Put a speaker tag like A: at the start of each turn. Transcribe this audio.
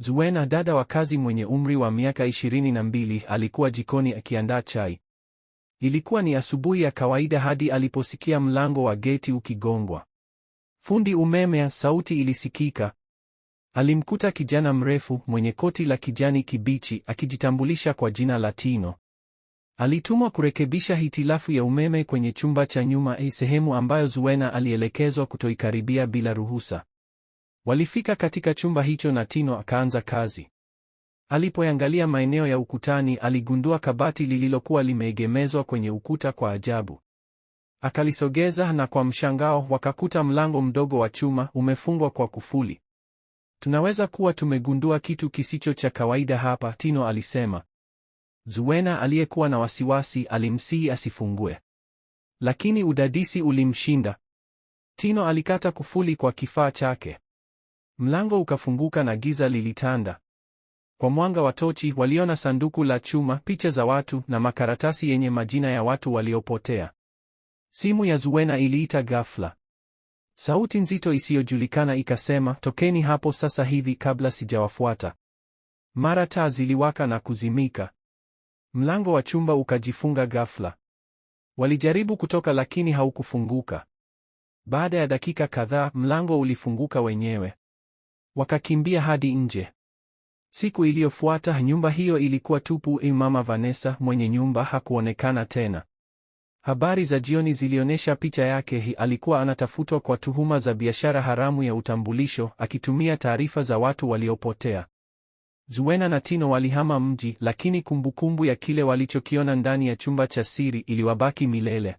A: Zuena, dada wa kazi mwenye umri wa miaka ishirini na mbili, alikuwa jikoni akiandaa chai. Ilikuwa ni asubuhi ya kawaida hadi aliposikia mlango wa geti ukigongwa. Fundi umeme, sauti ilisikika. Alimkuta kijana mrefu mwenye koti la kijani kibichi akijitambulisha kwa jina la Tino. Alitumwa kurekebisha hitilafu ya umeme kwenye chumba cha nyuma, eh, sehemu ambayo Zuena alielekezwa kutoikaribia bila ruhusa. Walifika katika chumba hicho na Tino akaanza kazi. Alipoangalia maeneo ya ukutani, aligundua kabati lililokuwa limeegemezwa kwenye ukuta kwa ajabu. Akalisogeza na kwa mshangao wakakuta mlango mdogo wa chuma umefungwa kwa kufuli. Tunaweza kuwa tumegundua kitu kisicho cha kawaida hapa, Tino alisema. Zuena aliyekuwa na wasiwasi alimsihi asifungue, lakini udadisi ulimshinda. Tino alikata kufuli kwa kifaa chake. Mlango ukafunguka na giza lilitanda. Kwa mwanga wa tochi waliona sanduku la chuma, picha za watu na makaratasi yenye majina ya watu waliopotea. Simu ya Zuwena iliita ghafla. Sauti nzito isiyojulikana ikasema, tokeni hapo sasa hivi kabla sijawafuata. Mara taa ziliwaka na kuzimika. Mlango wa chumba ukajifunga ghafla. Walijaribu kutoka lakini haukufunguka. Baada ya dakika kadhaa, mlango ulifunguka wenyewe. Wakakimbia hadi nje. Siku iliyofuata nyumba hiyo ilikuwa tupu. E Mama Vanessa mwenye nyumba hakuonekana tena. Habari za jioni zilionyesha picha yake. Alikuwa anatafutwa kwa tuhuma za biashara haramu ya utambulisho, akitumia taarifa za watu waliopotea. Zuena na Tino walihama mji, lakini kumbukumbu ya kile walichokiona ndani ya chumba cha siri iliwabaki milele.